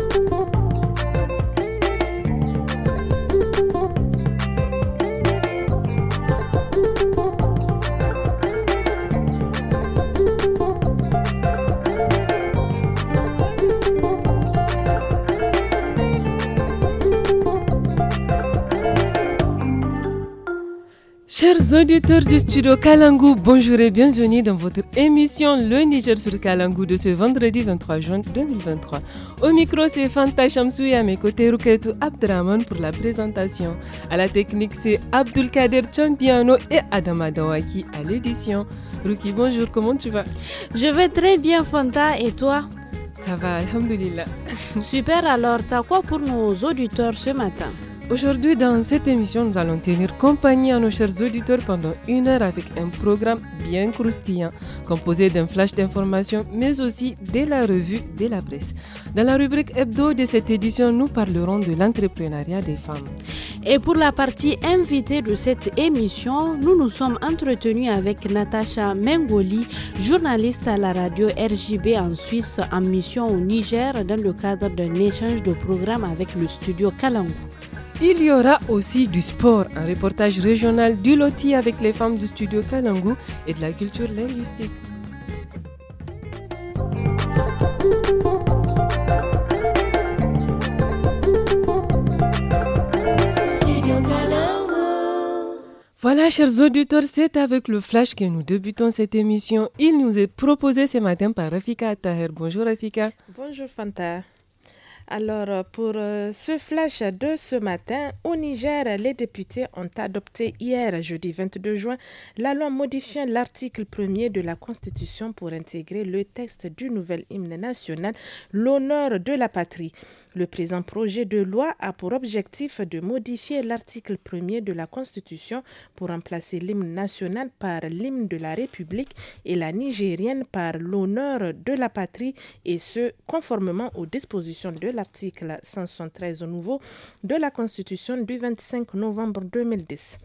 thank you Chers auditeurs du studio Kalangu, bonjour et bienvenue dans votre émission Le Niger sur Kalangu de ce vendredi 23 juin 2023. Au micro, c'est Fanta Chamsoui à mes côtés, Ruketu Abdraman pour la présentation. À la technique, c'est Abdulkader Champiano et Adama Dawaki à l'édition. Ruki, bonjour, comment tu vas Je vais très bien, Fanta, et toi Ça va, Alhamdulillah. Super, alors, t'as quoi pour nos auditeurs ce matin Aujourd'hui, dans cette émission, nous allons tenir compagnie à nos chers auditeurs pendant une heure avec un programme bien croustillant, composé d'un flash d'informations, mais aussi de la revue de la presse. Dans la rubrique hebdo de cette édition, nous parlerons de l'entrepreneuriat des femmes. Et pour la partie invitée de cette émission, nous nous sommes entretenus avec Natacha Mengoli, journaliste à la radio RJB en Suisse, en mission au Niger, dans le cadre d'un échange de programmes avec le studio Kalangu. Il y aura aussi du sport, un reportage régional du loti avec les femmes du studio Kalangu et de la culture linguistique. Voilà, chers auditeurs, c'est avec le flash que nous débutons cette émission. Il nous est proposé ce matin par Rafika Taher. Bonjour Rafika. Bonjour Fanta. Alors, euh, pour euh, ce flash de ce matin, au Niger, les députés ont adopté hier, jeudi 22 juin, la loi modifiant l'article premier de la Constitution pour intégrer le texte du nouvel hymne national, l'honneur de la patrie. Le présent projet de loi a pour objectif de modifier l'article 1er de la Constitution pour remplacer l'hymne national par l'hymne de la République et la nigérienne par l'honneur de la patrie et ce, conformément aux dispositions de l'article 173 nouveau de la Constitution du 25 novembre 2010.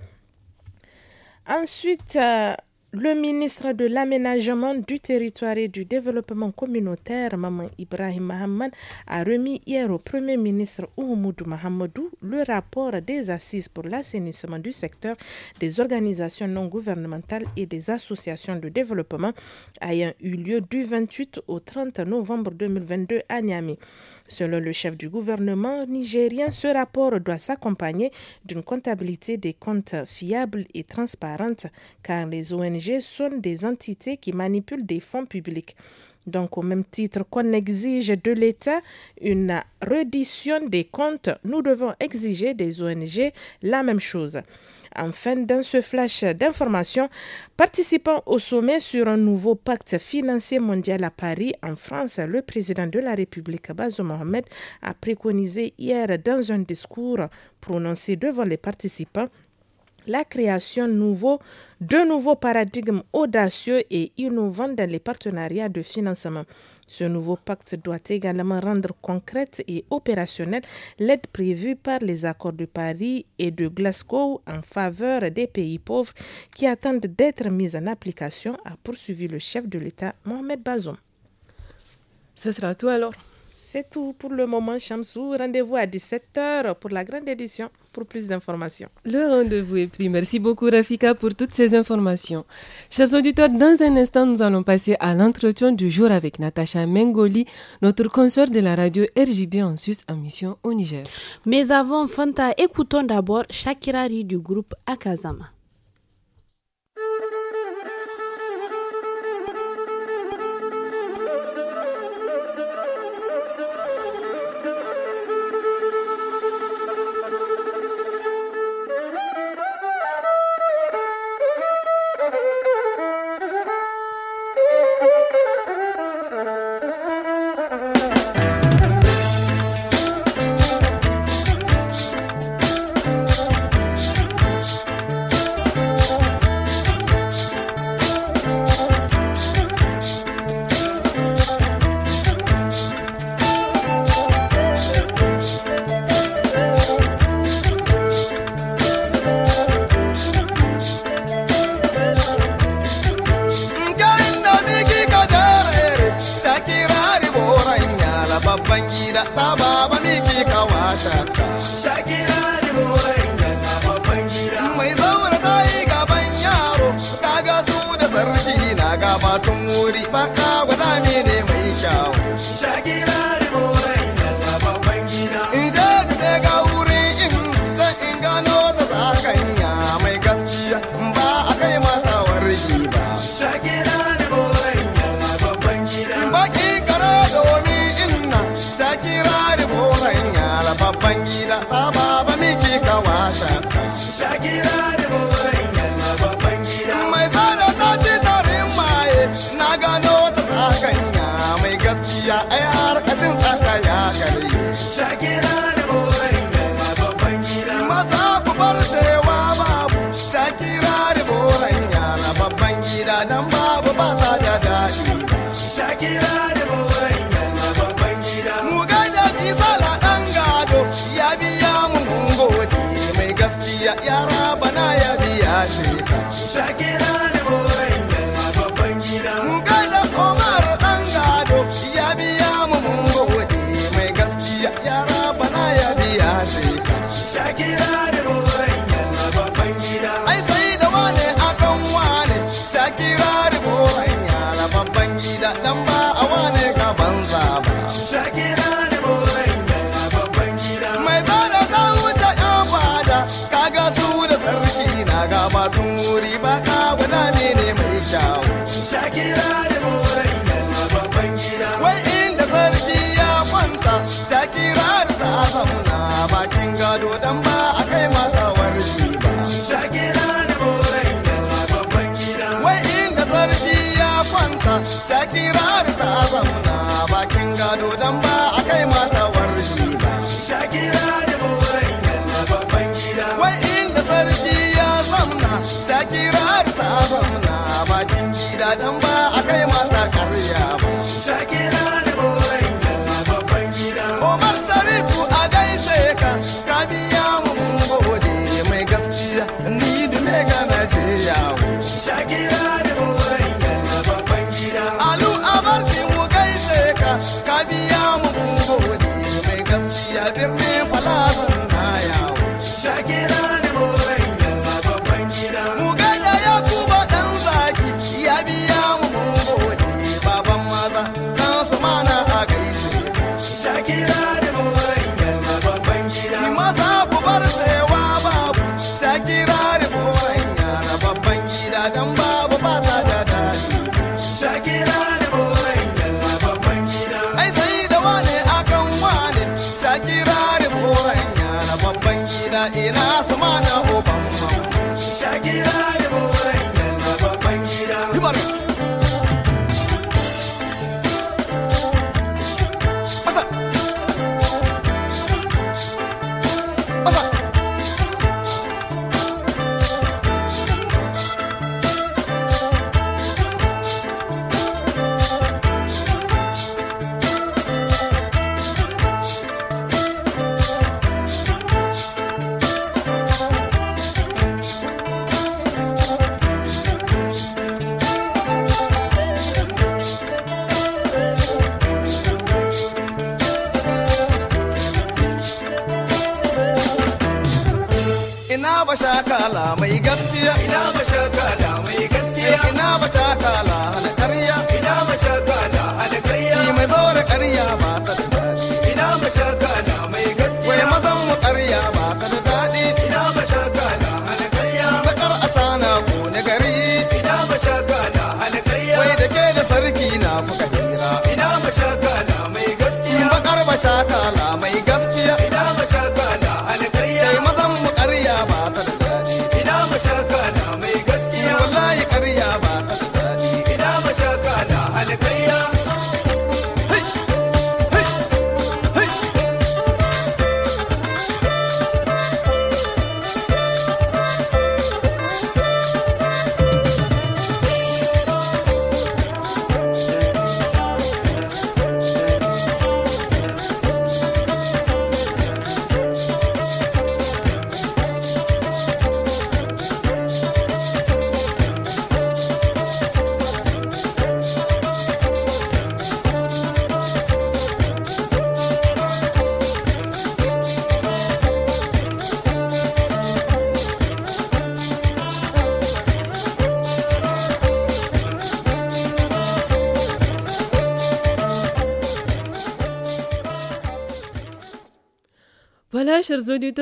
Ensuite, euh, le ministre de l'Aménagement du territoire et du développement communautaire, Maman Ibrahim Mahamad, a remis hier au Premier ministre Oumoudou Mahamadou le rapport des assises pour l'assainissement du secteur des organisations non gouvernementales et des associations de développement ayant eu lieu du 28 au 30 novembre 2022 à Niamey. Selon le chef du gouvernement nigérien, ce rapport doit s'accompagner d'une comptabilité des comptes fiable et transparente, car les ONG sont des entités qui manipulent des fonds publics. Donc, au même titre qu'on exige de l'État une reddition des comptes, nous devons exiger des ONG la même chose. Enfin, dans ce flash d'information, participant au sommet sur un nouveau pacte financier mondial à Paris, en France, le président de la République, Bazoum Mohamed, a préconisé hier dans un discours prononcé devant les participants la création nouveau, de nouveaux paradigmes audacieux et innovants dans les partenariats de financement. Ce nouveau pacte doit également rendre concrète et opérationnelle l'aide prévue par les accords de Paris et de Glasgow en faveur des pays pauvres qui attendent d'être mis en application, a poursuivi le chef de l'État Mohamed Bazoum. Ce sera tout alors. C'est tout pour le moment, Chamsou. Rendez-vous à 17h pour la grande édition pour plus d'informations. Le rendez-vous est pris. Merci beaucoup, Rafika, pour toutes ces informations. Chers auditeurs, dans un instant, nous allons passer à l'entretien du jour avec Natacha Mengoli, notre consoeur de la radio RGB en Suisse en mission au Niger. Mais avant, Fanta, écoutons d'abord Shakirari du groupe Akazama.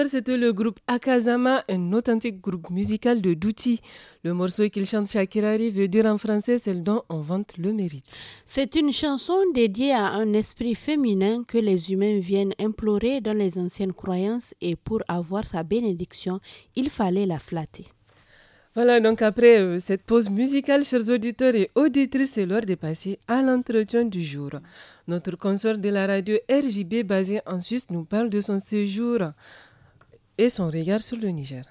c'était le groupe Akazama, un authentique groupe musical de Douti. Le morceau qu'il chante Shakirari veut dire en français celle dont on vante le mérite. C'est une chanson dédiée à un esprit féminin que les humains viennent implorer dans les anciennes croyances et pour avoir sa bénédiction, il fallait la flatter. Voilà, donc après euh, cette pause musicale, chers auditeurs et auditrices, c'est l'heure de passer à l'entretien du jour. Notre consort de la radio RJB basée en Suisse nous parle de son séjour et son regard sur le Niger.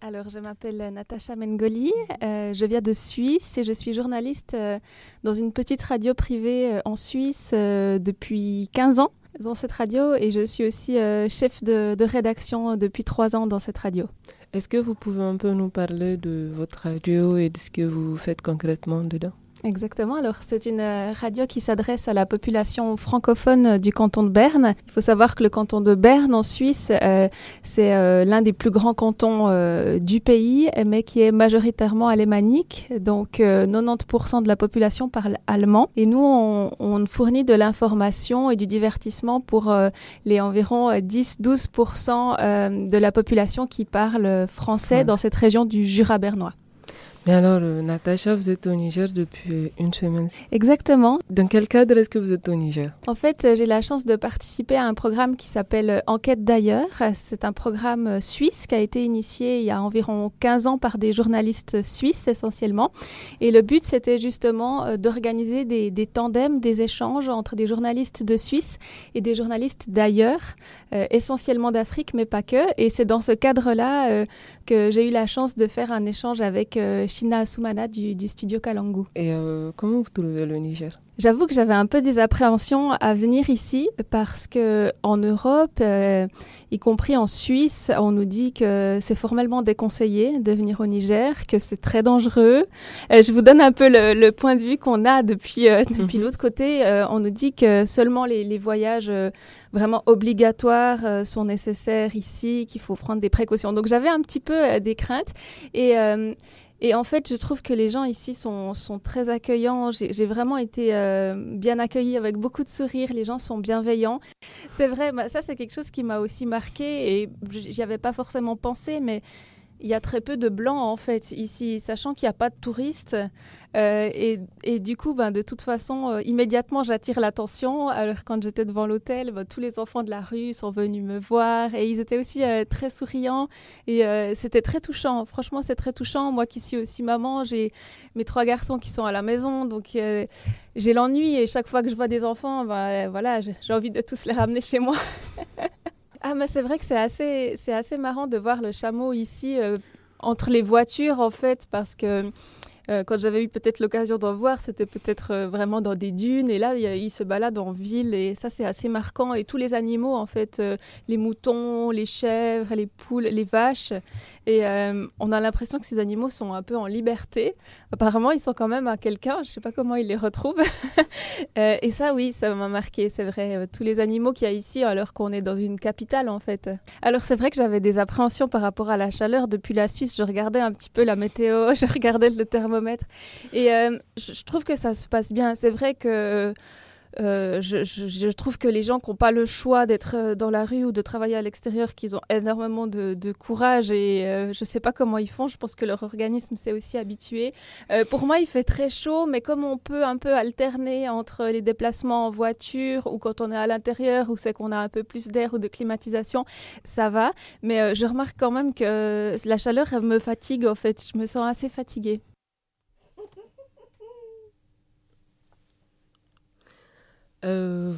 Alors, je m'appelle Natacha Mengoli, euh, je viens de Suisse et je suis journaliste euh, dans une petite radio privée en Suisse depuis 15 ans dans cette radio et je suis aussi chef de, de rédaction depuis 3 ans dans cette radio. Est-ce que vous pouvez un peu nous parler de votre radio et de ce que vous faites concrètement dedans Exactement. Alors, c'est une euh, radio qui s'adresse à la population francophone euh, du canton de Berne. Il faut savoir que le canton de Berne en Suisse, euh, c'est l'un des plus grands cantons du pays, mais qui est majoritairement alémanique. Donc, 90% de la population parle allemand. Et nous, on, on fournit de l'information et du divertissement pour les environ 10-12% de la population qui parle français dans cette région du Jura bernois. Mais alors, euh, Natacha, vous êtes au Niger depuis euh, une semaine. Exactement. Dans quel cadre est-ce que vous êtes au Niger En fait, euh, j'ai la chance de participer à un programme qui s'appelle Enquête d'ailleurs. C'est un programme suisse qui a été initié il y a environ 15 ans par des journalistes suisses essentiellement. Et le but, c'était justement d'organiser des, tandems, des échanges entre des journalistes de Suisse et des journalistes d'ailleurs, essentiellement d'Afrique, mais pas que. Et c'est dans ce cadre-là que j'ai eu la chance de faire un échange avec China Soumana du, studio Kalangu. Et euh, comment vous trouvez le Niger J'avoue que j'avais un peu des appréhensions à venir ici parce que en Europe, euh, y compris en Suisse, on nous dit que c'est formellement déconseillé de venir au Niger, que c'est très dangereux. Euh, je vous donne un peu le, point de vue qu'on a depuis l'autre côté. on nous dit que seulement les, les voyages vraiment obligatoires sont nécessaires ici, qu'il faut prendre des précautions. Donc j'avais un petit peu des craintes et et en fait, je trouve que les gens ici sont, sont très accueillants. J'ai vraiment été euh, bien accueillie avec beaucoup de sourires. Les gens sont bienveillants. C'est vrai, bah, ça c'est quelque chose qui m'a aussi marqué et j'y avais pas forcément pensé, mais il y a très peu de blancs en fait ici, sachant qu'il n'y a pas de touristes. Euh, et, et, du coup, ben, de toute façon, euh, immédiatement, j'attire l'attention. Alors quand j'étais devant l'hôtel, ben, tous les enfants de la rue sont venus me voir et ils étaient aussi euh, très souriants. Et c'était très touchant. Franchement, c'est très touchant. Moi qui suis aussi maman, j'ai mes trois garçons qui sont à la maison, donc j'ai l'ennui. Et chaque fois que je vois des enfants, ben, voilà, j'ai envie de tous les ramener chez moi. Ah, mais c'est vrai que c'est assez, c'est assez marrant de voir le chameau ici euh, entre les voitures, en fait, parce que euh, quand j'avais eu peut-être l'occasion d'en voir, c'était peut-être euh, vraiment dans des dunes. Et là, il se balade en ville et ça, c'est assez marquant. Et tous les animaux, en fait, euh, les moutons, les chèvres, les poules, les vaches. Et on a l'impression que ces animaux sont un peu en liberté. Apparemment, ils sont quand même à quelqu'un. Je ne sais pas comment ils les retrouvent. et ça, oui, ça m'a marqué, c'est vrai. Tous les animaux qu'il y a ici, alors qu'on est dans une capitale, en fait. Alors, c'est vrai que j'avais des appréhensions par rapport à la chaleur. Depuis la Suisse, je regardais un petit peu la météo, je regardais le thermomètre et euh, je, trouve que ça se passe bien. C'est vrai que euh, je, trouve que les gens qui n'ont pas le choix d'être euh, dans la rue ou de travailler à l'extérieur, qu'ils ont énormément de, courage et je ne sais pas comment ils font, je pense que leur organisme s'est aussi habitué. pour moi, il fait très chaud, mais comme on peut un peu alterner entre les déplacements en voiture ou quand on est à l'intérieur où c'est qu'on a un peu plus d'air ou de climatisation, ça va. Mais je remarque quand même que la chaleur, elle me fatigue en fait, je me sens assez fatiguée. Euh,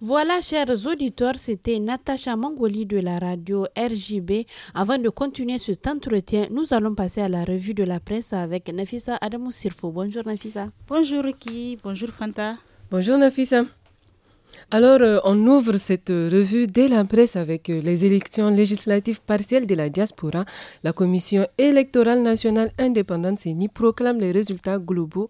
voilà, chers auditeurs, c'était Natacha Mangoli de la radio RJB. Avant de continuer cet entretien, nous allons passer à la revue de la presse avec Nafisa Adamou Bonjour Nafisa. Bonjour Ricky. bonjour Fanta. Bonjour Nafisa. Alors, euh, on ouvre cette revue dès la presse avec euh, les élections législatives partielles de la diaspora. La Commission électorale nationale indépendante CENI proclame les résultats globaux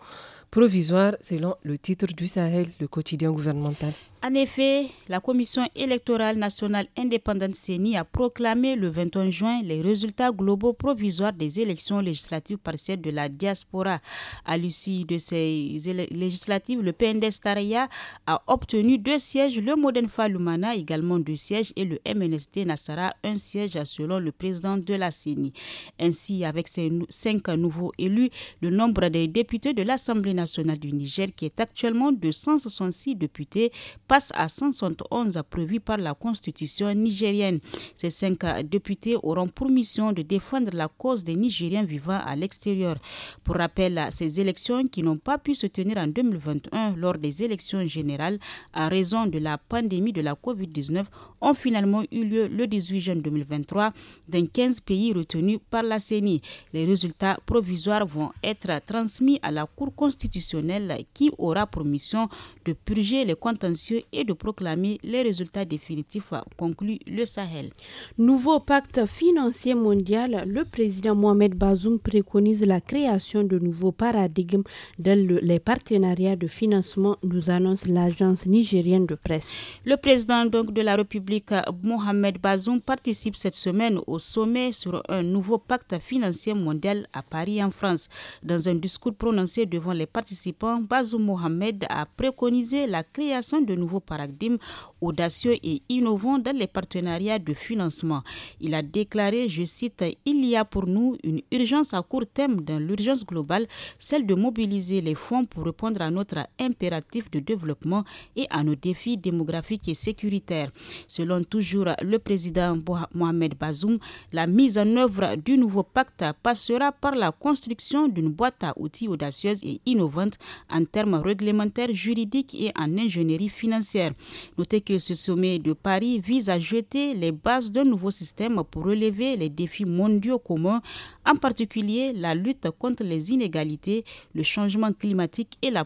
provisoires selon le titre du Sahel, le quotidien gouvernemental. En effet, la Commission électorale nationale indépendante CENI a proclamé le 21 juin les résultats globaux provisoires des élections législatives partielles de la diaspora. À l'issue de ces législatives, le PNDS Taraya a obtenu deux sièges, le Modène Falumana également deux sièges et le MNST Nassara un siège selon le président de la CENI. Ainsi, avec ces cinq nouveaux élus, le nombre des députés de l'Assemblée nationale du Niger, qui est actuellement de 166 députés, passe à 171 prévus par la constitution nigérienne. Ces cinq députés auront pour mission de défendre la cause des Nigériens vivant à l'extérieur. Pour rappel, ces élections qui n'ont pas pu se tenir en 2021 lors des élections générales à raison de la pandémie de la COVID-19 ont finalement eu lieu le 18 juin 2023 dans 15 pays retenus par la CENI. Les résultats provisoires vont être transmis à la Cour constitutionnelle qui aura pour mission de purger les contentieux et de proclamer les résultats définitifs, conclut le Sahel. Nouveau pacte financier mondial, le président Mohamed Bazoum préconise la création de nouveaux paradigmes dans les partenariats de financement, nous annonce l'agence nigérienne de presse. Le président donc de la République, Mohamed Bazoum, participe cette semaine au sommet sur un nouveau pacte financier mondial à Paris, en France. Dans un discours prononcé devant les participants, Bazoum Mohamed a préconisé la création de nouveaux paradigme audacieux et innovant dans les partenariats de financement. Il a déclaré, je cite, Il y a pour nous une urgence à court terme dans l'urgence globale, celle de mobiliser les fonds pour répondre à notre impératif de développement et à nos défis démographiques et sécuritaires. Selon toujours le président Mohamed Bazoum, la mise en œuvre du nouveau pacte passera par la construction d'une boîte à outils audacieuse et innovante en termes réglementaires, juridiques et en ingénierie financière Noter Notez que ce sommet de Paris vise à jeter les bases d'un nouveau système pour relever les défis mondiaux communs, en particulier la lutte contre les inégalités, le changement climatique et la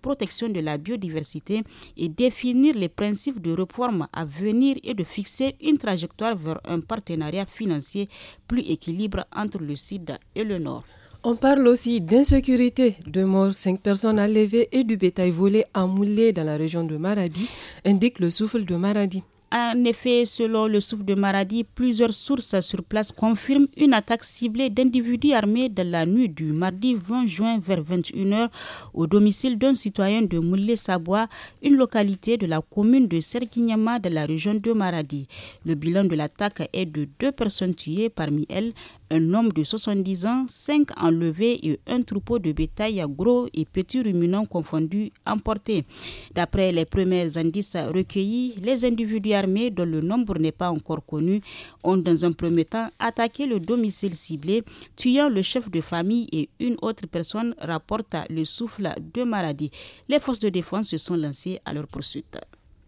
protection de la biodiversité et définir les principes de réforme à venir et de fixer une trajectoire vers un partenariat financier plus équilibre entre le Sud et le Nord. On parle aussi d'insécurité, de morts, cinq personnes enlevées et du bétail volé à Moulé dans la région de Maradi, indique le souffle de Maradi. En effet, selon le souffle de Maradi, plusieurs sources sur place confirment une attaque ciblée d'individus armés de la nuit du mardi 20 juin vers 21h au domicile d'un citoyen de Moulé-Sabois, une localité de la commune de Serguignama de la région de Maradi. Le bilan de l'attaque est de deux personnes tuées, parmi elles un homme de 70 ans, 5 enlevés et un troupeau de bétail à gros et petits ruminants confondus emportés. D'après les premiers indices recueillis, les individus armés, dont le nombre n'est pas encore connu, ont dans un premier temps attaqué le domicile ciblé, tuant le chef de famille et une autre personne, rapporte le souffle de Maradi. Les forces de défense se sont lancées à leur poursuite.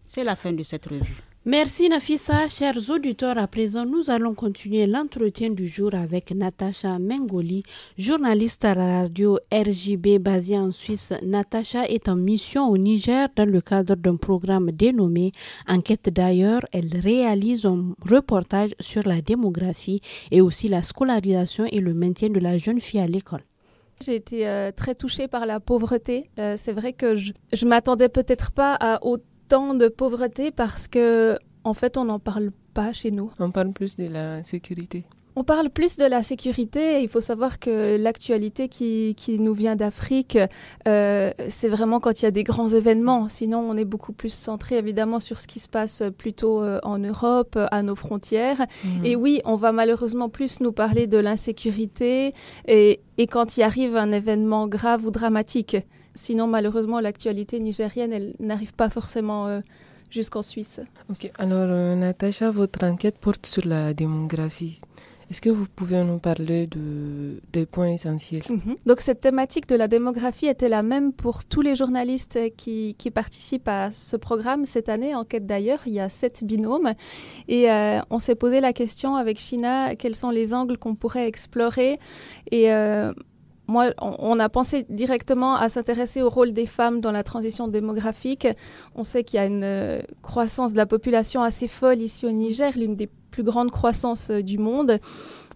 C'est la fin de cette revue. Merci Nafissa, chers auditeurs. À présent, nous allons continuer l'entretien du jour avec Natacha Mengoli, journaliste à la radio RJB basée en Suisse. Natacha est en mission au Niger dans le cadre d'un programme dénommé Enquête d'ailleurs. Elle réalise un reportage sur la démographie et aussi la scolarisation et le maintien de la jeune fille à l'école. J'ai été euh, très touchée par la pauvreté. Euh, c'est vrai que je, ne m'attendais peut-être pas à autant tant de pauvreté parce que, en fait, on n'en parle pas chez nous. On parle plus de la sécurité. On parle plus de la sécurité. Il faut savoir que l'actualité qui, nous vient d'Afrique, euh, c'est vraiment quand il y a des grands événements. Sinon, on est beaucoup plus centré évidemment sur ce qui se passe plutôt euh, en Europe, euh, à nos frontières. Mhm. Et oui, on va malheureusement plus nous parler de l'insécurité et, et, quand il arrive un événement grave ou dramatique. Sinon, malheureusement, l'actualité nigérienne, elle n'arrive pas forcément euh, jusqu'en Suisse. Ok, alors euh, Natacha, votre enquête porte sur la démographie. Est-ce que vous pouvez nous parler de, des points essentiels mhm. Donc cette thématique de la démographie était la même pour tous les journalistes qui, participent à ce programme cette année. Enquête d'ailleurs, il y a sept binômes. Et euh, on s'est posé la question avec China, quels sont les angles qu'on pourrait explorer Et moi, on, a pensé directement à s'intéresser au rôle des femmes dans la transition démographique. On sait qu'il y a une euh, croissance de la population assez folle ici au Niger, l'une des plus grandes croissances euh, du monde.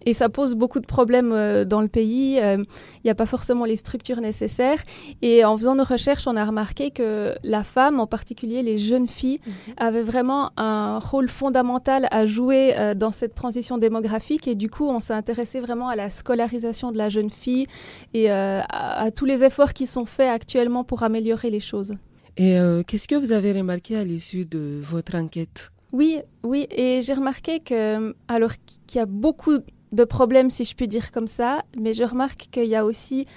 Et ça pose beaucoup de problèmes euh, dans le pays. Euh, il n'y a pas forcément les structures nécessaires. Et en faisant nos recherches, on a remarqué que la femme, en particulier les jeunes filles, mhm. avaient avait vraiment un rôle fondamental à jouer euh, dans cette transition démographique. Et du coup, on s'est intéressé vraiment à la scolarisation de la jeune fille et à, tous les efforts qui sont faits actuellement pour améliorer les choses. Et qu'est-ce que vous avez remarqué à l'issue de votre enquête Oui, oui, et j'ai remarqué que alors qu'il y a beaucoup de problèmes, si je puis dire comme ça, mais je remarque qu'il y a aussi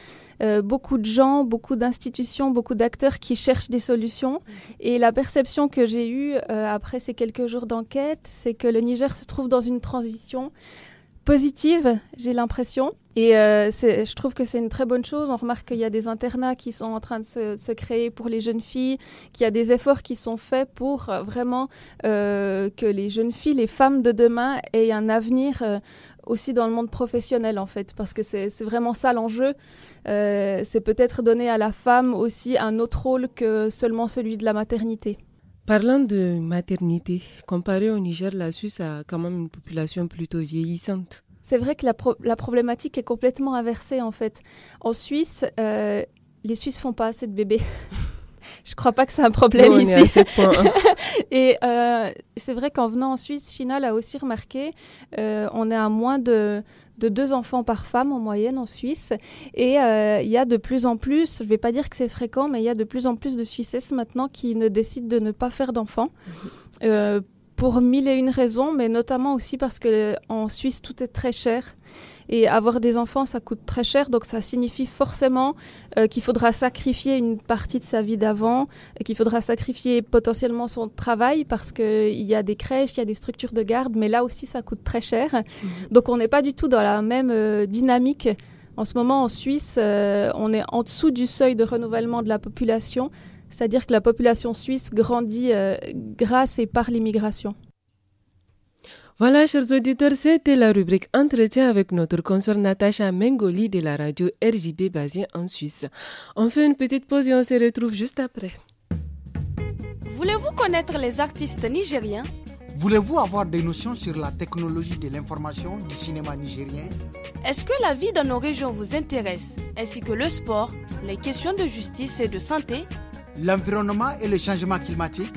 euh, beaucoup de gens, beaucoup d'institutions, beaucoup d'acteurs qui cherchent des solutions. Mhm. Et la perception que j'ai eue euh, après ces quelques jours d'enquête, c'est que le Niger se trouve dans une transition positive, j'ai l'impression. Et euh, je trouve que c'est une très bonne chose. On remarque qu'il y a des internats qui sont en train de se, créer pour les jeunes filles, qu'il y a des efforts qui sont faits pour euh, vraiment euh, que les jeunes filles, les femmes de demain aient un avenir aussi dans le monde professionnel en fait, parce que c'est vraiment ça l'enjeu. c'est peut-être donner à la femme aussi un autre rôle que seulement celui de la maternité. Parlant de maternité, comparé au Niger, la Suisse a quand même une population plutôt vieillissante. C'est vrai que la, problématique est complètement inversée en fait. En Suisse, euh, les Suisses font pas assez de bébés. je crois pas que c'est un problème ici. Hein. et euh, c'est vrai qu'en venant en Suisse, China l'a aussi remarqué, euh, on est à moins de, deux enfants par femme en moyenne en Suisse. Et euh, il y a de plus en plus, je ne vais pas dire que c'est fréquent, mais il y a de plus en plus de Suissesses maintenant qui ne décident de ne pas faire d'enfants. Mm-hmm. Euh, pour mille et une raisons, mais notamment aussi parce que en Suisse tout est très cher. Et avoir des enfants, ça coûte très cher, donc ça signifie forcément euh, qu'il faudra sacrifier une partie de sa vie d'avant, qu'il faudra sacrifier potentiellement son travail parce qu'il y a des crèches, il y a des structures de garde, mais là aussi ça coûte très cher. Mhm. Donc on n'est pas du tout dans la même euh, dynamique. En ce moment, en Suisse, euh, on est en dessous du seuil de renouvellement de la population, c'est-à-dire que la population suisse grandit grâce et par l'immigration. Voilà, chers auditeurs, c'était la rubrique Entretien avec notre consoeur Natacha Mengoli de la radio RJB basée en Suisse. On fait une petite pause et on se retrouve juste après. Voulez-vous connaître les artistes nigériens Voulez-vous avoir des notions sur la technologie de l'information du cinéma nigérien Est-ce que la vie dans nos régions vous intéresse, ainsi que le sport, les questions de justice et de santé L'environnement et le changement climatique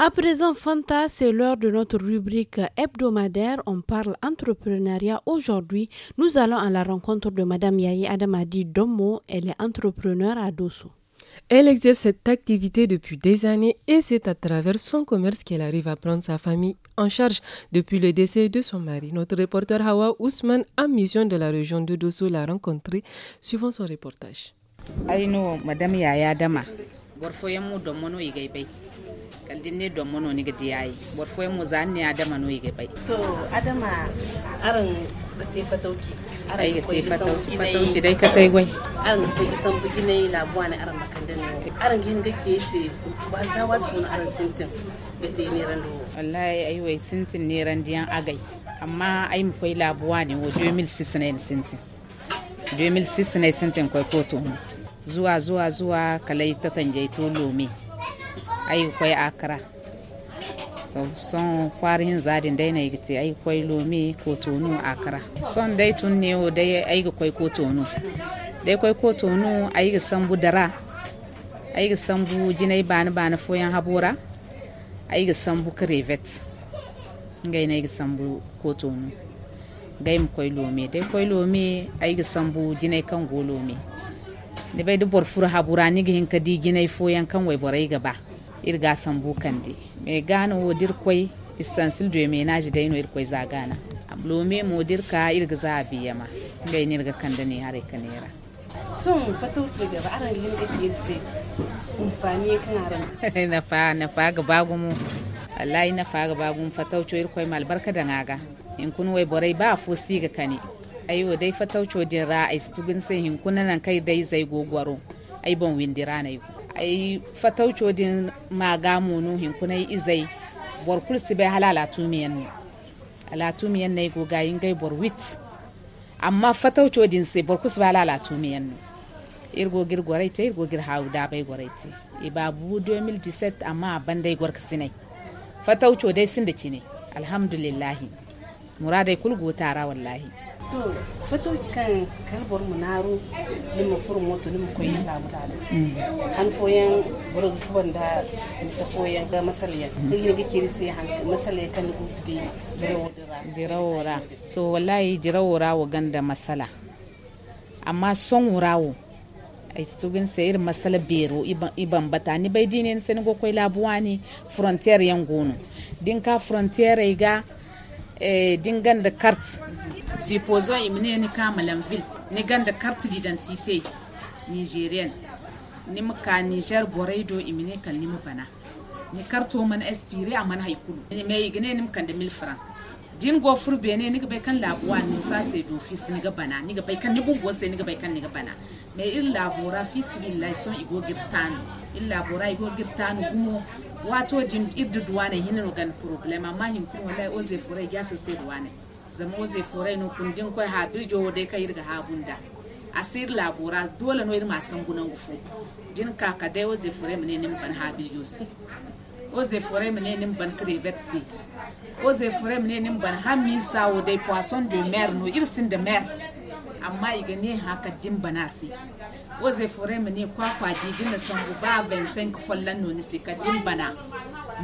À présent, Fanta, c'est l'heure de notre rubrique hebdomadaire. On parle entrepreneuriat. Aujourd'hui, nous allons à la rencontre de Madame Adama Di Domo. Elle est entrepreneur à Dosso. Elle exerce cette activité depuis des années et c'est à travers son commerce qu'elle arrive à prendre sa famille en charge depuis le décès de son mari. Notre reporter Hawa Ousmane, en mission de la région de Dosso, l'a rencontrée suivant son reportage. Aïno, Madame Yaya Adama. kaldin ne don mano ni gidi yayi bar foi mu zan ne adama no yige bai to adama aran da te fatauki aran ga te fatauki fatauki dai ka tai gwai aran ga te san bugi ne la buwa ne aran makanda ne aran gin ga ke ce ba za wa tun aran sintin da te ne ran do wallahi ai wai sintin ne ran diyan agai amma ai mu koi labuwa ne wo 2006 ne sintin 2006 ne sintin koi kotu zuwa zuwa zuwa kalai ta tanje to lomi ai kwai akra to son kwarin zadin dai na yigite ai kwai lomi ko tonu akra son dai tun ne o dai ai kwai ko tonu dai kwai ko tonu ai ga sambu dara ai ga sambu jinai bani bani foyan habora ai ga sambu krevet ngai na ga sambu ko tonu gai mu kwai lomi dai kwai lomi ai ga sambu jinai kan go lomi ne bai dubor fur habura ni ga hinka di jinai foyan kan wai borai gaba irga sambu kandi me gano wodir koy istansil do menaji dayno ir koy za gana lome modir ka irga za abiyama ngai nirga kandani hare kanera son fatu daga aran hin da ke sai umfani kana ran na fa na fa ga bagumu wallahi na fa ga bagumu fatauco ir koy mal barka da ngaga in kun wai borai ba si ga kani ayo dai fatauco din ra ai stugin sai hin nan kai dai zai gogwaro ai bon windira na yi yi fatauco din magamu no yi izai bor kulsi bai hala tumiyan ne ala tumiyan ne go gayin gai bor wit amma fatauco din sai bor kulsi bai hala tumiyan ne irgo gir ta irgo gir hauda bai gwarai ta ba bu 2017 amma bandai gor kasinai fatauco dai sun da ci ne alhamdulillahi muradai kulgo tara wallahi to fato kan kalbor mu naru nima furu moto nima koyi la mu dalu han mm. foyan boro fuban da misa foyan ga masaliya mm. ngin ga kiri sai han masaliya kan ku de jirawora to wallahi jirawora wa ganda masala amma son wurawo a istugin sayir masala bero iban bata ni bai dinin sen go koy labuwani frontier yan gono din ka frontier ga E, din ganda carte supposo imine ni kama ville ni ganda carte d'identité nigérienne ni ka niger borai do imine kal ni bana ni karto man aspire a man haykulu ni me igine nim kan da mil franc din go furbe ne ni bai kan labuwa no sa sai do fis ni ga bana ni bai kan ni bungo sai ni bai kan ni bana me ir labora fis billahi son igo girtano in labora igo girtano gumo wato jin ibdu duwane hinin gan problem amma hin kun wallahi oze fure ya se duwane zama oze fure no kun din koy ha birjo dai kai irga ha bunda asir labura dole no irma san gunan gufu din ka ka dai oze fure mene nim ban ha birjo si oze fure mene nim ban crevet si oze fure mene nim ban ha misa o dai poisson de mer no irsin de mer amma igane ne haka din banasi oze fore mene kwakwa jijina sangu ba vincent follan nuni se kadin bana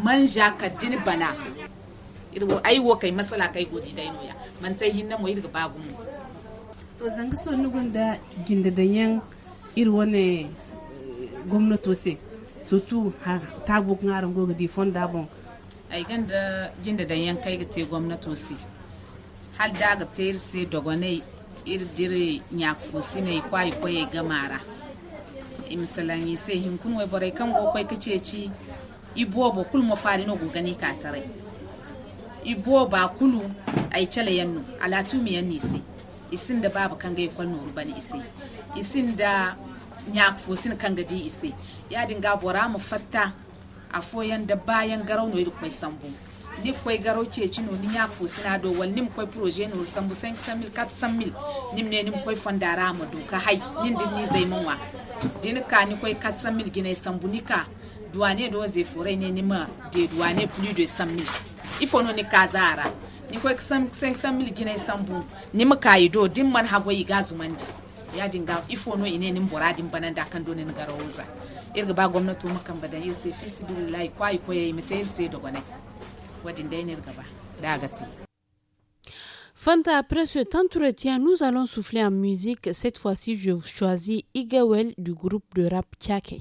manja kadin bana irwo ai wo kai masala kai godi dai noya man tai hinna mo irga babu mu to zanga so nugun da ginda da yan irwo ne eh, gwamnato so tu ha ta gu ngaran goga di fonda bon ai ganda ginda da yan kai ga te gwamnato se hal daga tayir se dogonai irdire sine kwai kwaye gamara imisalan yise kun we bare kan go kwai kace ci ibobo kul mo fari no gani ka tare ba kulu ai chale yanno alatu tumi yanni sai isin da babu kan ga kwal nuru bani ise isin da nyakfusin kan di ise ya dinga bora mu fatta a da bayan garau no kwai sambu ni kwai garo ceci cino ni ya fo sina do wal nim proje projet no sambu 400 mil nim ne nim kwai fondara ma do ka hay nin din ni zai wa? din ka ni 400 mil gine sambu ni ka duwane do zai fure ne ni ma de duwane plus de 100000 ifo no ni ka zara ni 500 mil gine sambu ni ka kayi do din man ha yi gazu mandi ya dinga ifo no ine nim din banan da kan do ne garo wuza irga ba gwamnati makan badan irse fisibillahi kwai koyai sai irse gwanai Fanta, après cet entretien, nous allons souffler en musique. Cette fois-ci, je choisis Igawel du groupe de rap Tchake.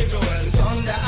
you go, well, thunder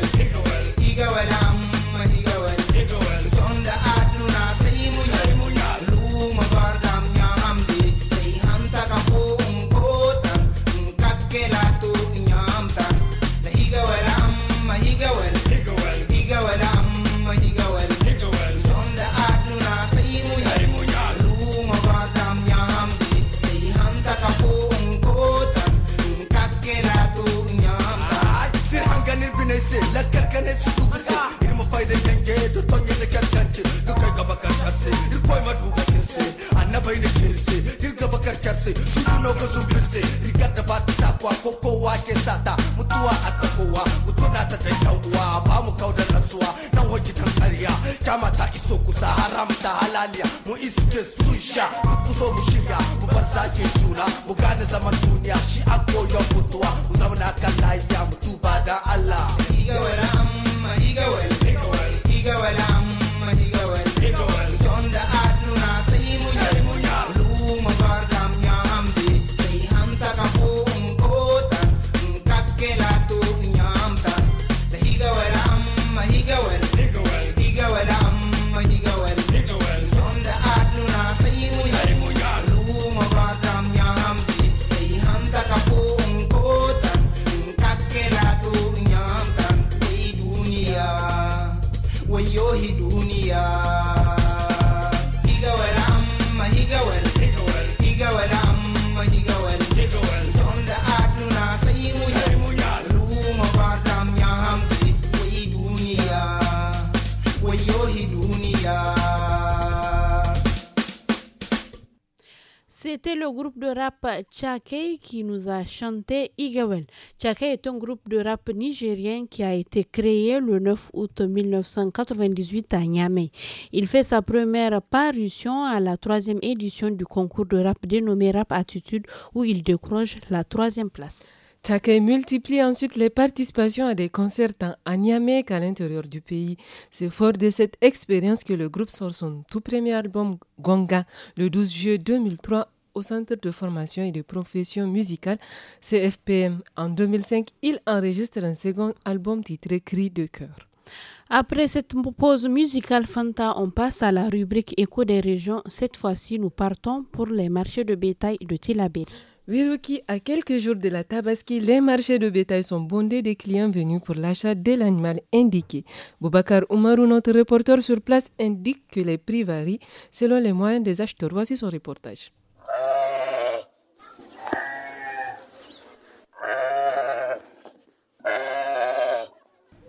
dalya mu iske stusha mu kuso mu shiga mu bar sake le groupe de rap Chakei qui nous a chanté Igawel. Chakei est un groupe de rap nigérien qui a été créé le 9 août 1998 à Niamey. Il fait sa première parution à la troisième édition du concours de rap dénommé Rap Attitude où il décroche la troisième place. Chakei multiplie ensuite les participations à des concerts à Niamey qu'à l'intérieur du pays. C'est fort de cette expérience que le groupe sort son tout premier album Gonga le 12 juillet 2003 au Centre de formation et de profession musicale CFPM. En 2005, il enregistre un second album titré Cris de cœur. Après cette pause musicale Fanta, on passe à la rubrique Écho des régions. Cette fois-ci, nous partons pour les marchés de bétail de Tilabéry. Wiruki, à quelques jours de la Tabaski, les marchés de bétail sont bondés de clients venus pour l'achat de l'animal indiqué. Boubacar Oumarou, notre reporter sur place, indique que les prix varient selon les moyens des acheteurs. Voici son reportage.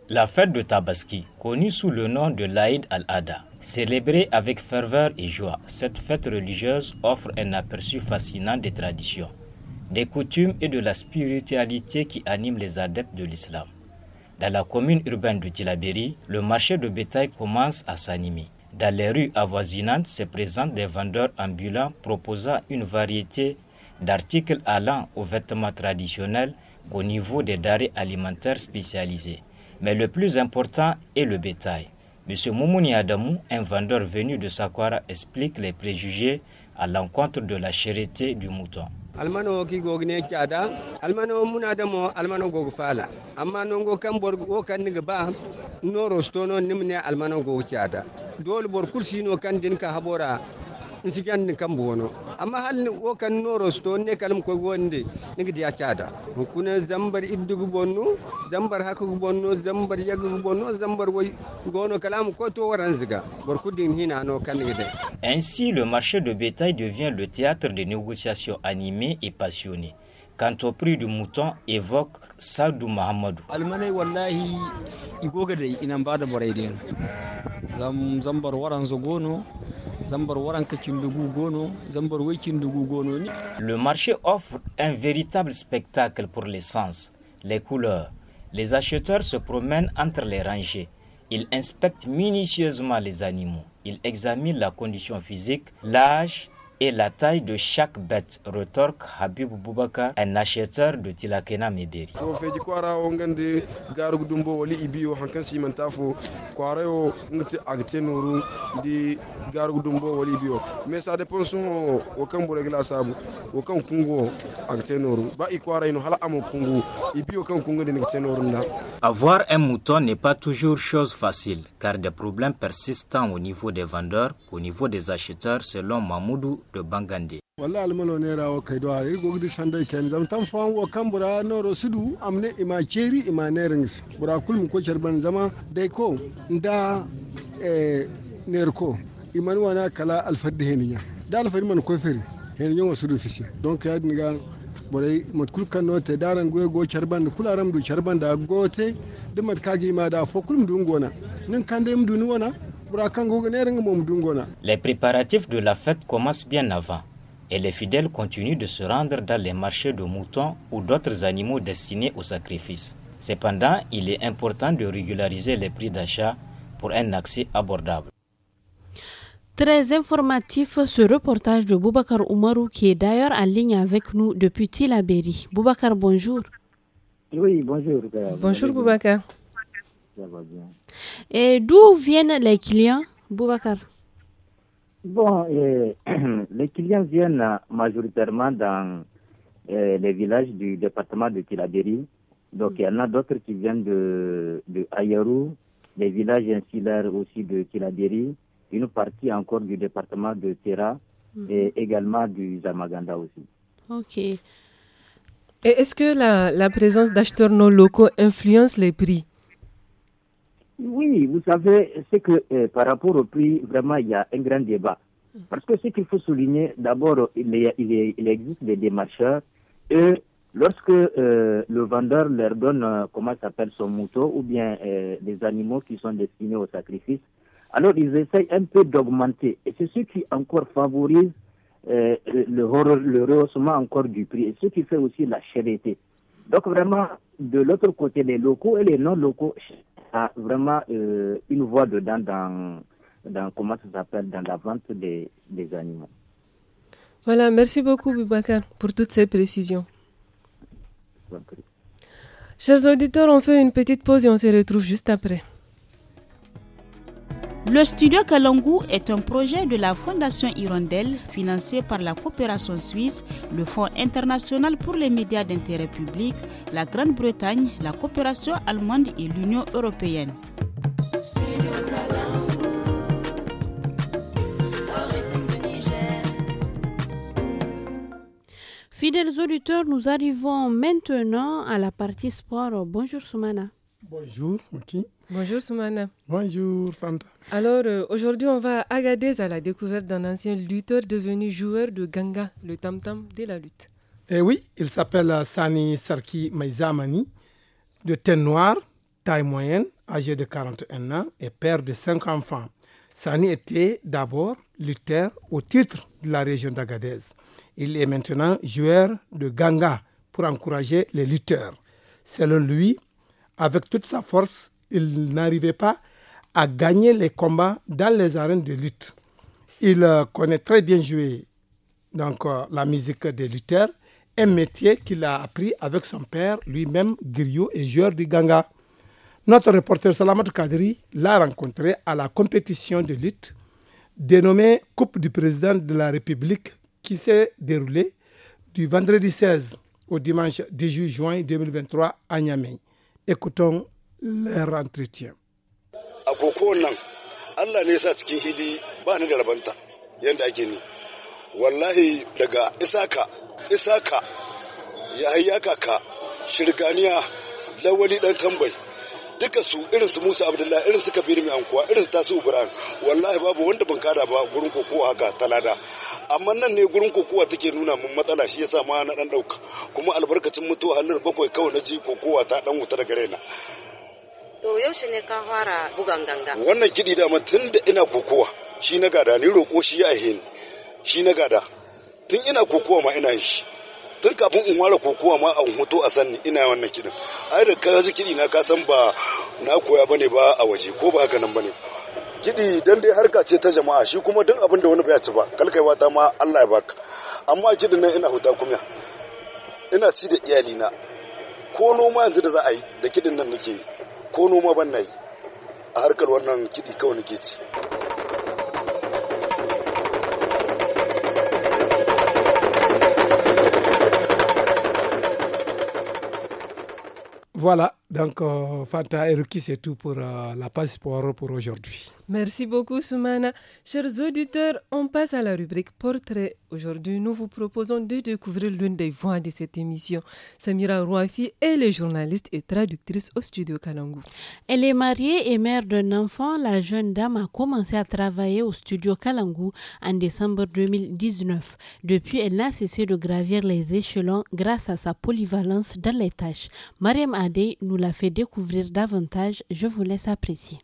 La fête de Tabaski, connue sous le nom de l'Aïd al-Adha, célébrée avec ferveur et joie, cette fête religieuse offre un aperçu fascinant des traditions, des coutumes et de la spiritualité qui animent les adeptes de l'islam. Dans la commune urbaine de Tilaberi, le marché de bétail commence à s'animer. Dans les rues avoisinantes se présentent des vendeurs ambulants proposant une variété d'articles allant aux vêtements traditionnels au niveau des darés alimentaires spécialisés. Mais le plus important est le bétail. M. Moumouni Adamou, un vendeur venu de Sakwara, explique les préjugés à l'encontre de la charité du mouton. almano ki gogne kyada almano muna da mo almano gogo fala amma non go kan bor go kan niga ba noro stono nimne almano gogo kyada dole bor kursi no kan din ka habora nsigandi kam bono amma hal wo kan noros to ne kalam ko wonde nigi dia cada kuna zambar ibdugu bonno zambar hakugu bonno zambar yagugu bonno zambar woy gono kalam ko to waranziga borkudin hina no kanigde Ainsi, le marché de bétail devient le théâtre de négociations animées et passionnées quant au prix du mouton, évoque Sadou Mahamadou. Le marché offre un véritable spectacle pour les sens, les couleurs. Les acheteurs se promènent entre les rangées. Ils inspectent minutieusement les animaux. Ils examinent la condition physique, l'âge, et la taille de chaque bête, retorque Habib Boubaka, un acheteur de Tilakena Mederi. avoir un mouton n'est pas toujours chose facile car des problèmes persistent au niveau des vendeurs qu'au niveau des acheteurs selon Mamoudou do bangande walla almano nerawo kaydo ha ir gogdi sande ken zam tan fon wo kam bura noro sidu amne ima keri ima nerings bura kulm ko cerban zama dai ko nda e ner iman wana kala alfadde heniya da alfadde man ko feri heninya wo sidu fisi donc ya dinga borai matkul kan no te daran goye go charban kularam du charban da gote dimat kagi ma da fo kulm dungona nin kan dai mduni wana Les préparatifs de la fête commencent bien avant et les fidèles continuent de se rendre dans les marchés de moutons ou d'autres animaux destinés au sacrifice. Cependant, il est important de régulariser les prix d'achat pour un accès abordable. Très informatif ce reportage de Boubacar Oumarou qui est d'ailleurs en ligne avec nous depuis Tilaberi. Boubacar, bonjour. Oui, bonjour. Euh, bonjour Boubacar. Et d'où viennent les clients, Boubacar Bon, euh, les clients viennent majoritairement dans euh, les villages du département de Kiladiri Donc, il y en a d'autres qui viennent de, de Ayarou, des villages insulaires aussi de Kiladiri une partie encore du département de Terra mhm. et également du Zamaganda aussi. Ok. Est-ce que la, la présence d'acheteurs non locaux influence les prix oui, vous savez, c'est que euh, par rapport au prix, vraiment, il y a un grand débat. Parce que ce qu'il faut souligner, d'abord, il, il, existe des démarcheurs et lorsque euh, le vendeur leur donne, euh, comment s'appelle son mouton, ou bien des animaux qui sont destinés au sacrifice, alors ils essayent un peu d'augmenter. Et c'est ce qui encore favorise le, le rehaussement encore du prix, et ce qui fait aussi la chérité. Donc vraiment, de l'autre côté, les locaux et les non-locaux a ah, vraiment euh, une voix dedans dans, comment ça s'appelle dans la vente des, des animaux. Voilà, merci beaucoup Boubacar pour toutes ces précisions. Chers auditeurs, on fait une petite pause et on se retrouve juste après. Le studio Kalangu est un projet de la Fondation Hirondelle financé par la coopération suisse, le Fonds international pour les médias d'intérêt public, la Grande-Bretagne, la coopération allemande et l'Union européenne. Fidèles auditeurs, nous arrivons maintenant à la partie sport. Bonjour Soumana. Bonjour, ok. Bonjour Soumana. Bonjour Fanta. Alors euh, aujourd'hui on va à Agadez à la découverte d'un ancien lutteur devenu joueur de ganga, le tam-tam de la lutte. Eh oui, il s'appelle euh, Sani Sarki Maizamani, de teint noir, taille moyenne, âgé de 41 ans et père de 5 enfants. Sani était d'abord lutteur au titre de la région d'Agadez. Il est maintenant joueur de ganga pour encourager les lutteurs. Selon lui, avec toute sa force, il n'arrivait pas à gagner les combats dans les arènes de lutte. Il euh, connaît très bien jouer donc, euh, la musique de lutteurs, un métier qu'il a appris avec son père, lui-même griot et joueur du ganga. Notre reporter Salamat Kadri l'a rencontré à la compétition de lutte dénommée Coupe du Président de la République qui s'est déroulée du vendredi 16 au dimanche 18 juin 2023 à Niamey. Écoutons leur entretien. A koko nan, Allah ne ya sa cikin hili ba ni da rabanta yadda ake ni. Wallahi daga Isaka, Isaka, ya hayyaka ka, shirganiya, lawali dan tambayi. duka su irin su Musa Abdullahi irin su Kabir mai ankuwa irin su Tasu Ibrahim wallahi babu wanda ban kada ba gurin kokowa haka talada amma nan ne gurin kokowa take nuna mun matsala shi yasa ma na dan dauka kuma albarkacin mutuwa halar bakwai kawai na ji kokowa ta dan wuta daga raina To yaushe ne ka fara bugan ganga? Wannan kiɗi dama tun da ina kokowa shi na gada ni roƙo shi ya ahe ni shi na gada tun ina kokowa ma ina shi. Tun kafin in ware kokowa ma a hoto a sanni ina wannan kiɗin. Ai da ka kiɗi na ka san ba na koya bane ba a waje ko ba haka nan bane. Kiɗi dan dai harka ce ta jama'a shi kuma duk abin da wani bai ci ba kalkaiwa ta ma Allah ya baka. Amma kiɗin nan ina huta kumya. Ina ci da iyalina ko noma yanzu da za a yi da kiɗin nan nake yi. ko noma ban na yi a harkar wannan kiɗi kawai nake ci Voilà, Donc, euh, Fanta et c'est tout pour euh, la passe pour, aujourd'hui. Merci beaucoup, Soumana. Chers auditeurs, on passe à la rubrique Portrait. Aujourd'hui, nous vous proposons de découvrir l'une des voix de cette émission. Samira Rouafi est journaliste et traductrice au studio Kalangou. Elle est mariée et mère d'un enfant. La jeune dame a commencé à travailler au studio Kalangou en décembre 2019. Depuis, elle n'a cessé de gravir les échelons grâce à sa polyvalence dans les tâches. Mariam Adé nous l'a fait découvrir davantage. Je vous laisse apprécier.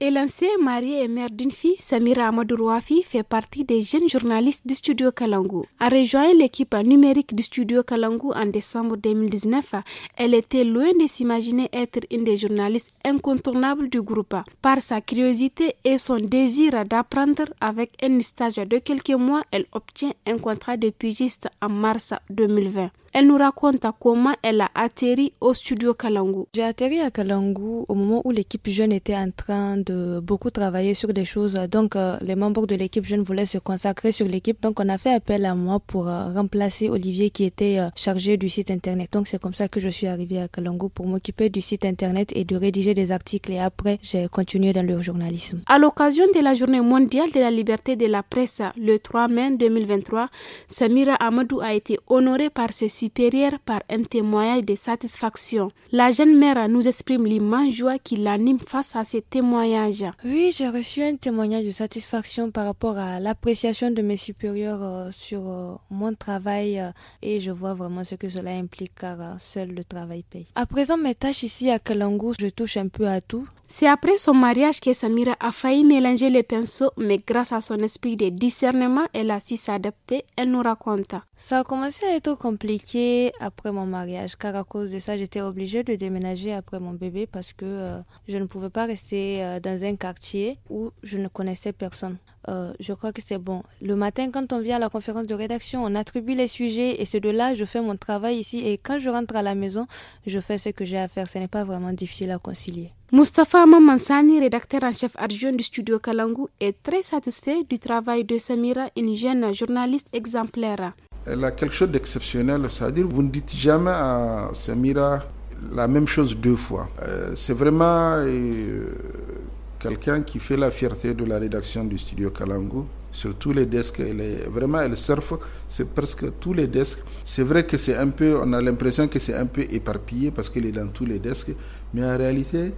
Élancée, mariée et mère d'une fille, Samira Amadou-Rouafi fait partie des jeunes journalistes du studio Kalangu. A rejoint l'équipe numérique du studio Kalangu en décembre 2019, elle était loin de s'imaginer être une des journalistes incontournables du groupe. Par sa curiosité et son désir d'apprendre avec un stage de quelques mois, elle obtient un contrat de pigiste en mars 2020. Elle nous raconte comment elle a atterri au studio Kalangu. J'ai atterri à Kalangu au moment où l'équipe jeune était en train de beaucoup travailler sur des choses. Donc, euh, les membres de l'équipe jeune voulaient se consacrer sur l'équipe. Donc, on a fait appel à moi pour euh, remplacer Olivier qui était euh, chargé du site internet. Donc, c'est comme ça que je suis arrivée à Kalangu pour m'occuper du site internet et de rédiger des articles. Et après, j'ai continué dans le journalisme. À l'occasion de la journée mondiale de la liberté de la presse, le 3 mai 2023, Samira Amadou a été honorée par ceci supérieure par un témoignage de satisfaction. La jeune mère nous exprime l'immense joie qui l'anime face à ces témoignages. Oui, j'ai reçu un témoignage de satisfaction par rapport à l'appréciation de mes supérieurs euh, sur euh, mon travail euh, et je vois vraiment ce que cela implique car seul le travail paye. À présent, mes tâches ici à Kalangu, je touche un peu à tout. C'est après son mariage que Samira a failli mélanger les pinceaux, mais grâce à son esprit de discernement, elle a su s'adapter, elle nous raconta. Ça a commencé à être compliqué après mon mariage, car à cause de ça, j'étais obligée de déménager après mon bébé parce que euh, je ne pouvais pas rester euh, dans un quartier où je ne connaissais personne. Euh, je crois que c'est bon. Le matin, quand on vient à la conférence de rédaction, on attribue les sujets et c'est de là que je fais mon travail ici. Et quand je rentre à la maison, je fais ce que j'ai à faire. Ce n'est pas vraiment difficile à concilier. Mustapha Mamansani, rédacteur en chef adjoint du studio Kalangu, est très satisfait du travail de Samira, une jeune journaliste exemplaire elle a quelque chose d'exceptionnel. C'est-à-dire, vous ne dites jamais à Samira la même chose deux fois. Euh, c'est vraiment euh, quelqu'un qui fait la fierté de la rédaction du studio Kalangu. Sur tous les desks, elle vraiment, elle surfe sur presque tous les desks. C'est vrai que c'est un peu, on a l'impression que c'est un peu éparpillé parce qu'elle est dans tous les desks, mais en réalité,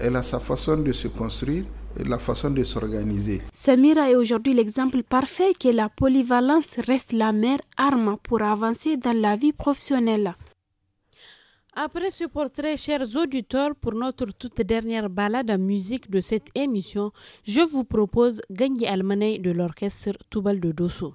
elle a sa façon de se construire la façon de s'organiser. Samira est aujourd'hui l'exemple parfait que la polyvalence reste la mère arme pour avancer dans la vie professionnelle. Après ce portrait, chers auditeurs, pour notre toute dernière balade en musique de cette émission, je vous propose Gengi Almanay de l'orchestre Toubal de Dosso.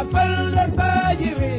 I'll m'appelle les feuilles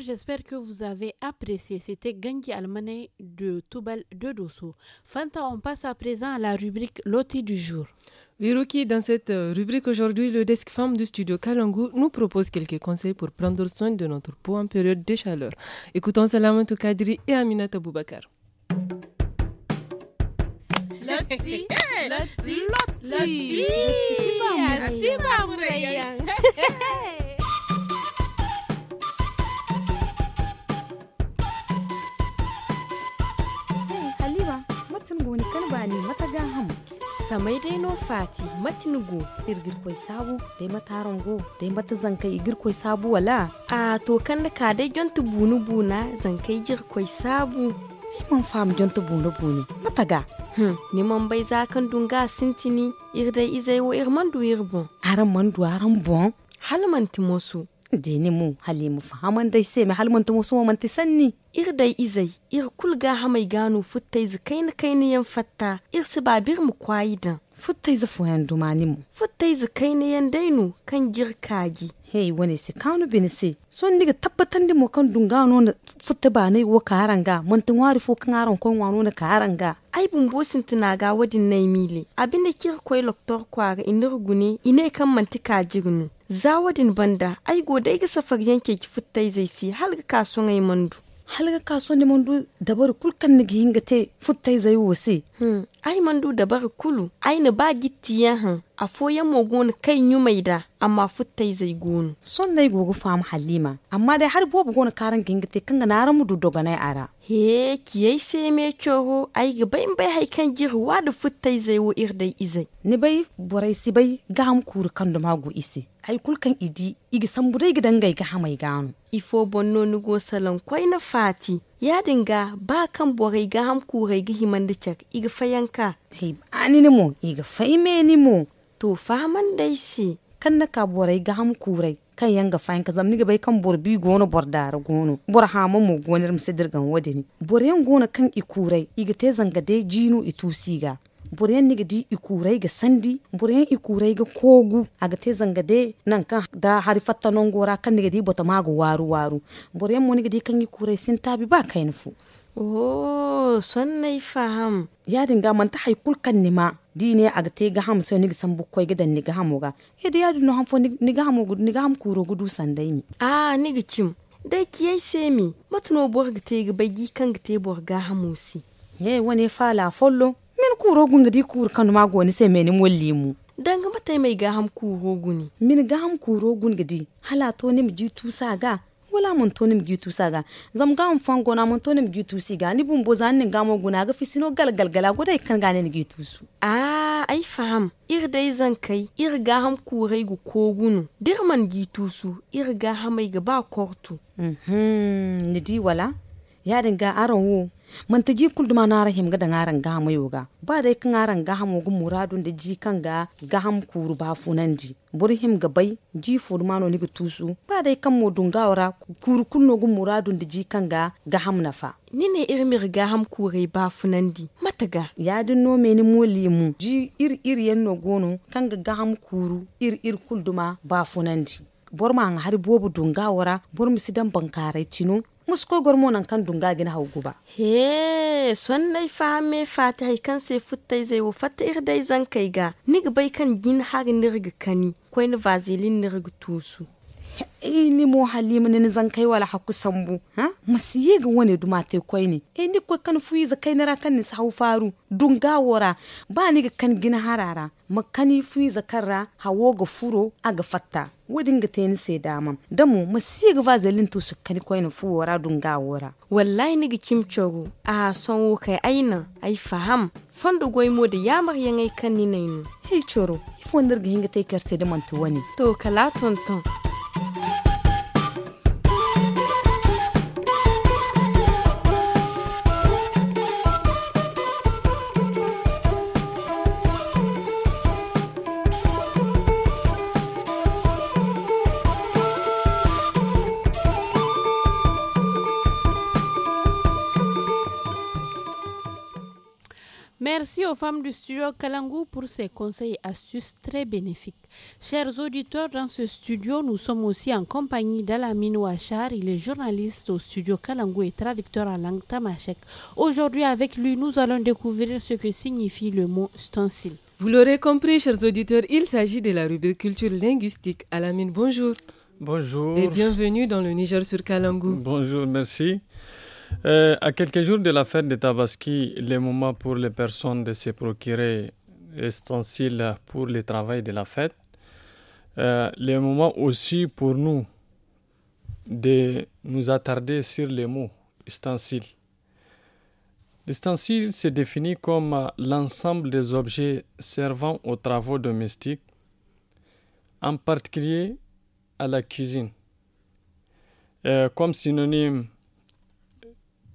j'espère que vous avez apprécié. C'était Gangi Almane de Toubal de Dosso. Fanta, on passe à présent à la rubrique Loti du jour. Viruki, dans cette euh, rubrique aujourd'hui, le desk femme du studio Kalangu nous propose quelques conseils pour prendre soin de notre peau en période de chaleur. Écoutons Salamatou Kadri et Aminata Boubakar. Loti, Loti, Loti, Loti, raham samai no fati matinugo irgir koy sabu dai mataron go dai mata zankai igir koy sabu wala a to kan ka bunu buna zankai jir koi sabu mon femme fam mataga hmm, ni dunga sintini irde izai wo irmandu man du bon bon timosu dini mu hali mu fahaman dai sai mai halman tumu ir dai izai ir kulga hamai gano futtai zu kaini kaini yan fatta ir su babir mu kwaida futtai dumani mu futtai dainu kan kaji hey wani si kanu binisi son ga tabbatan di kan dungano na futta ba nai wo karanga kan aron kon na karanga ai bun bosin tuna ga wadin nai mili abinda kir koi loktor kwara inirgune ine kan mantika zawadin banda ai godai ga safar yanke ki futtai zai si halga kaso ngai mandu halga kaso ne mandu dabar kulkan ni gi hinga te futtai zai wose hmm. ai mandu dabar kulu ai ni ba gitti han a foya mogon kai nyu mai da amma futtai zai gonu son nai gogo fam halima amma dai har bobu gona karan hinga te kan na ramu du doga nai ara he kiyai se me choho ai ga bai bai hai kan wa da futtai zai wo irdai izai ni bai borai si bai gam kur kan do magu isi ai idi igi samburai gidan gai ga hamai gano ifo bonno ni go salon kwai na fati ya dinga ba kan borai ga ham kurai ga himan da igi fayanka hei ani igi faime ni to faman dai si kan na ka borai ga ham kurai kan yanga zamni kan bor gono bor dara gono bor mo gonar msidir gan wadini bor gono kan ikurai igi te zanga dai jino itusiga boren di ga sandi boren ikurai kogu aga nanka de da Harifata nongora non gora kan di mago waru waru Mbore mo niga di kan ba fu oh sonnai faham ya dinga man ta kan dine ga ham so niga sambu koy ga dan hamoga e du no ham fo niga gudu ah niga kim dai kiyai semi matuno borga te ga bagi kan ga te borga hamosi ye wani fala follo min kuro gunga di kuro kanu ma goni sai meni walli mu danga mata mai ga ham kuro guni min ga ham kuro gun di. hala to nim tusa ga wala mun to nim ji tusa ga zam ga am fango na mun to nim ji tusi ga ni bun bozan zan ga mo guna ga fisino gal gal go kan ga ne ji tusu ah ai faham ir dai zan kai ir ga ham kurai gu ko gunu dir man ji tusu ir ga ga ba kortu mhm ni di wala ya dinga aron wo man ta ji kul duma naran ga da ngaran ga mu yoga ba dai kan ngaran ga mu gu muradun da ji kan ga ga ham kuru ba funan di ga bai ji fu no ni ga tusu ba dai kan mu dunga wara kuru kun no muradun da ji kan ga ga ham na fa ni ne irin mi ga ham kure ba mataga ya din no me ni moli mu ji ir ir yan no gono kan ga gaham kuru ir ir kulduma ba funandi bor ma har bobu dunga wara bor mi sidan bankarai tinu musko gormonan kan dunga gina hau guba he son nai fahame fata kan se futtai zai wo fata ir dai zan kai ga nig bai kan gin har nirga kani kwai ni vazilin nirga tusu eh ni mo halima ni zan kai wala haku sambu ha musiye ga wani duma tai kwai ne eh ni kwai kan fuyi za kai nara kan ni sa faru dunga wora ba ni ga kan gina harara makani fuyi za kara hawo ga furo a ga fatta ga teni se dama damu ga vazalin to su kani koyna fu wara dunga wara wallahi nigi kimchogo a son wo kai aina ai faham fanda goy moda yamar yangai kanni nayin hey choro ifo ga hinga kar sai da mantu wani to kala tonton Merci aux femmes du studio Kalangu pour ces conseils et astuces très bénéfiques. Chers auditeurs, dans ce studio, nous sommes aussi en compagnie d'Alamine Ouachar. Il est journaliste au studio Kalangu et traducteur en langue tamashek. Aujourd'hui, avec lui, nous allons découvrir ce que signifie le mot stencil. Vous l'aurez compris, chers auditeurs, il s'agit de la rubrique culture linguistique. Alamine, bonjour. Bonjour. Et bienvenue dans le Niger sur Kalangu. Bonjour, merci. Euh, à quelques jours de la fête de Tabaski, le moment pour les personnes de se procurer ustensiles pour le travail de la fête, euh, le moment aussi pour nous de nous attarder sur les mots ustensiles. L'ustensile se définit comme l'ensemble des objets servant aux travaux domestiques, en particulier à la cuisine. Euh, comme synonyme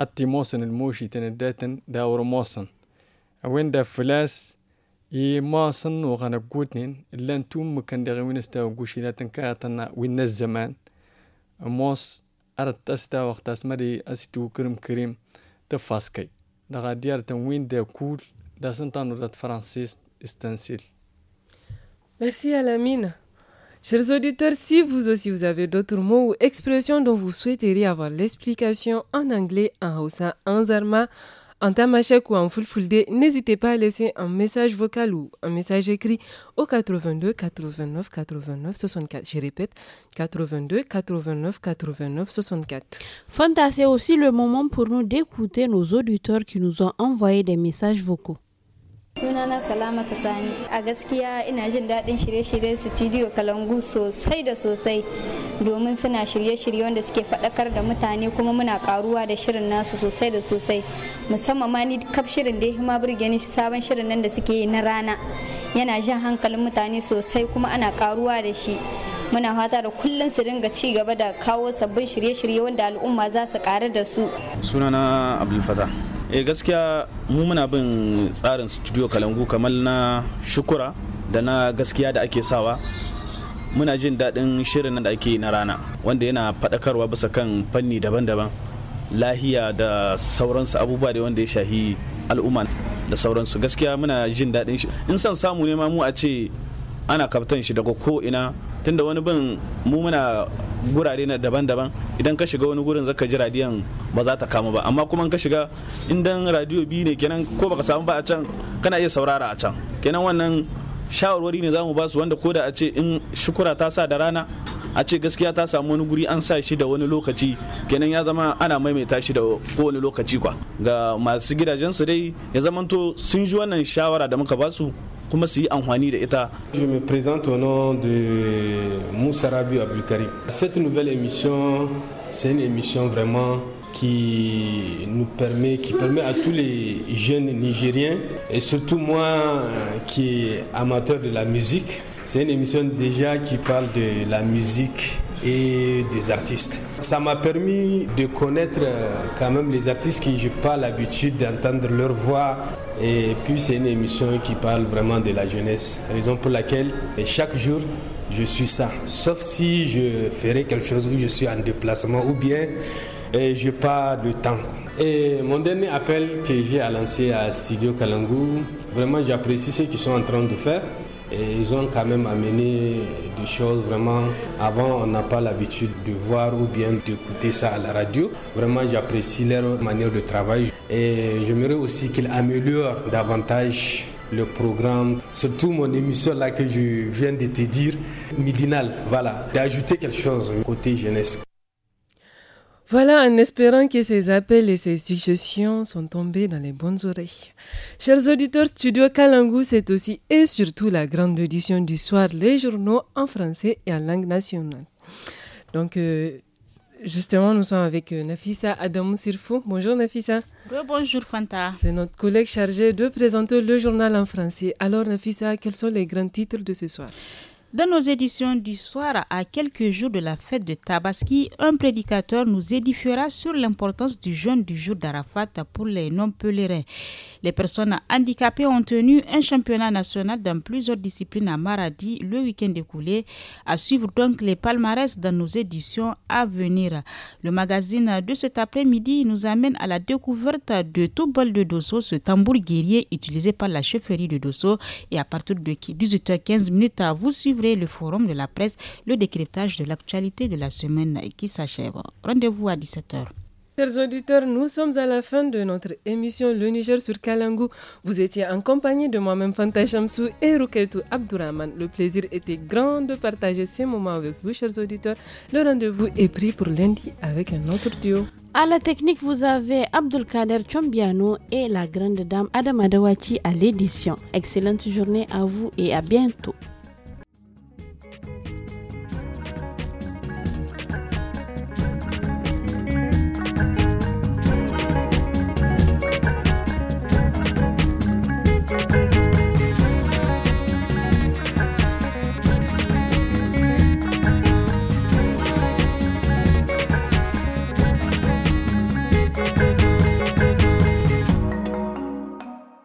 أتي موسن الموشي تنداتن داور موسن أوين دا فلاس اي موسن وغانا قوتنين اللي انتم كان داغي وينستا وقوشي لاتن كاتنا وين الزمان موس أردت أستا وقت أسمري أستو كرم كريم تفاسكي دا غاديار تنوين دا كول دا سنتانو دا فرانسيس استنسيل Merci على la Chers auditeurs, si vous aussi vous avez d'autres mots ou expressions dont vous souhaiteriez avoir l'explication en anglais, en haussa, en zarma, en tamashek ou en fulfulde, n'hésitez pas à laisser un message vocal ou un message écrit au 82 89 89 64. Je répète, 82 89 89 64. Fanta, c'est aussi le moment pour nous d'écouter nos auditeurs qui nous ont envoyé des messages vocaux. sunana ta sani a gaskiya ina jin daɗin shirye-shirye studio kalangu sosai da sosai domin suna shirye-shirye wanda suke faɗakar da mutane kuma muna karuwa da shirin nasu sosai da sosai musamman ma ni kaf shirin da hima burge ni sabon shirin nan da suke yi na rana yana jan hankalin mutane sosai kuma ana karuwa da shi muna fata da kullum su dinga ci gaba da kawo sabbin shirye-shirye wanda al'umma za su karu da su sunana abdulfatah eh gaskiya mu muna bin tsarin studio kalangu kamar na shukura da na gaskiya da ake sawa muna jin daɗin shirin nan da ake na rana wanda yana faɗakarwa bisa kan fanni daban-daban lahiya da sauransu abubuwa da wanda ya shahi al'umma da sauransu gaskiya muna jin daɗin shi in son samu ne ma mu a ce ana kaftan shi daga ko ina tunda wani bin mu muna gurare na daban-daban idan ka shiga wani gurin zaka ji radiyon ba za ta kama ba amma kuma ka shiga idan radiyo biyu ne kenan ko baka samu ba a can kana iya saurara a can kenan wannan shawarwari ne za mu basu su wanda koda a ce in shukura ta sa da rana a ce gaskiya ta samu wani guri an sa shi da wani lokaci kenan ya zama ana maimaita shi da kowane lokaci kwa ga masu gidajensu dai ya zamanto sun ji wannan shawara da muka basu Je me présente au nom de Moussa Rabi Cette nouvelle émission, c'est une émission vraiment qui nous permet, qui permet à tous les jeunes Nigériens, et surtout moi qui est amateur de la musique, c'est une émission déjà qui parle de la musique et des artistes. Ça m'a permis de connaître euh, quand même les artistes qui n'ai pas l'habitude d'entendre leur voix et puis c'est une émission qui parle vraiment de la jeunesse, raison pour laquelle chaque jour je suis ça. Sauf si je ferai quelque chose où je suis en déplacement ou bien je pas de temps. Et mon dernier appel que j'ai à lancer à Studio Kalangu, vraiment j'apprécie ce qu'ils sont en train de faire. Et ils ont quand même amené des choses vraiment. Avant, on n'a pas l'habitude de voir ou bien d'écouter ça à la radio. Vraiment, j'apprécie leur manière de travail. Et j'aimerais aussi qu'ils améliorent davantage le programme, surtout mon émission là que je viens de te dire, Midinal, voilà, d'ajouter quelque chose côté jeunesse. Voilà, en espérant que ces appels et ces suggestions sont tombés dans les bonnes oreilles. Chers auditeurs, Studio Kalangu, c'est aussi et surtout la grande édition du soir, les journaux en français et en langue nationale. Donc, euh, justement, nous sommes avec euh, Nafissa Adamou Sirfou. Bonjour Nafissa. bonjour Fanta. C'est notre collègue chargé de présenter le journal en français. Alors Nafissa, quels sont les grands titres de ce soir dans nos éditions du soir, à quelques jours de la fête de Tabaski, un prédicateur nous édifiera sur l'importance du jeûne du jour d'Arafat pour les non-pèlerins. Les personnes handicapées ont tenu un championnat national dans plusieurs disciplines à Maradi le week-end écoulé. À suivre donc les palmarès dans nos éditions à venir. Le magazine de cet après-midi nous amène à la découverte de tout bol de Dosso, ce tambour guerrier utilisé par la chefferie de Dosso. Et à partir de 18h15, minutes, vous suivez le forum de la presse, le décryptage de l'actualité de la semaine qui s'achève. Rendez-vous à 17h. Chers auditeurs, nous sommes à la fin de notre émission Le Niger sur Kalangu. Vous étiez en compagnie de moi-même Fanta Chamsou et Ruketu Abdourahman. Le plaisir était grand de partager ces moments avec vous, chers auditeurs. Le rendez-vous est pris pour lundi avec un autre duo. À la technique, vous avez Abdulkader Chombiano et la grande dame Adam Adawachi à l'édition. Excellente journée à vous et à bientôt.